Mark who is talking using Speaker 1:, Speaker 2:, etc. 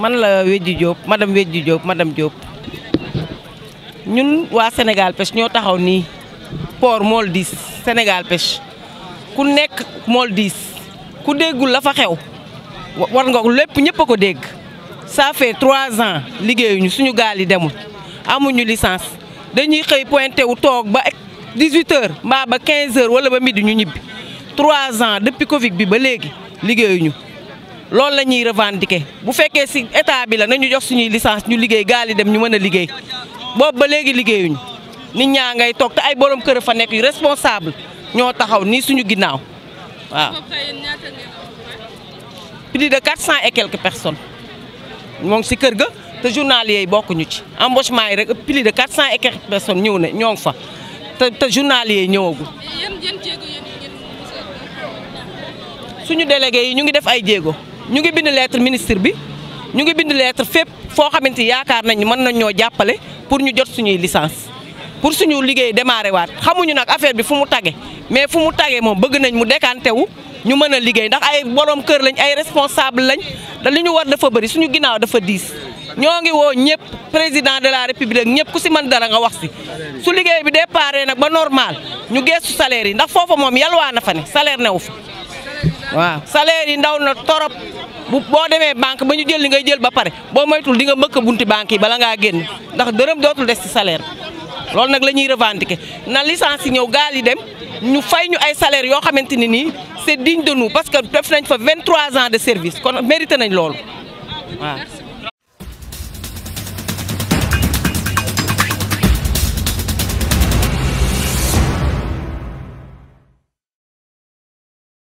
Speaker 1: man Diop madame Diop madame Diop ñun wa Sénégal pêche sommes taxaw port Moldis, Sénégal pêche ku nekk moldis ku déggul la fa xew war nga lepp ñepp ko dégg ça fait trois ans liggéeyuñu suñu gaal yi amuñu licence dañuy licence. pointé wu tok ba 18h, heures ba quinze heures wala ba midi ñu ñibbi trois ans depuis Covid bi ba loolu la ñuy revendiquer bu fekkee si état bi la nañu jox suñuy licence ñu liggéey gaal yi dem ñu mën a liggéey boobu ba léegi liggéeyuñu nit ñaa ngay toog te ay borom kër a fa nekk yu responsable ñoo taxaw nii suñu ginnaaw waaw. plus de quatre cent et quelques personnes moo ngi kër ga te journaliers yi bokkuñu ci embauchement yi rek pili de quatre cent et quelques personnes ñëw na ñoo ngi fa te te journaliers yi ñëwagul. suñu délégué yi ñu ngi def ay jéego. ñu ngi bind lettre ministre bi ñu ngi bind lettre fep fo xamanteni yaakar nañ mën nañ ñoo jappalé pour ñu jot suñu licence pour suñu liggéey démarré waat xamuñu nak affaire bi fu mu taggé mais fu mu taggé mom bëgg nañ mu décanté wu ñu mëna a liggéey ndax ay borom kër lañ ay responsable lañ da liñu war dafa bari suñu ginaaw dafa diis ñongi wo ñepp président de la république ñepp ku ci man dara nga wax ci su liggéey bi déparé nak ba normal ñu gëssu salaire yi ndax foofa moom yalwaa na fa né salaire néwu fa waaw salaire yi ndaw na torop bu boo demee banque ba ñu jël li ngay jël ba pare boo moytul di nga mëkk bunti banque yi bala ngaa génn ndax dërëm dootul des ci salaire loolu nag la ñuy revendiquer na licence yi ñëw gaal yi dem ñu fay ñu ay salaire yoo xamante ne nii c'est digne de nous parce que def nañ fa trois ans de service kon mérité nañ loolu waaw.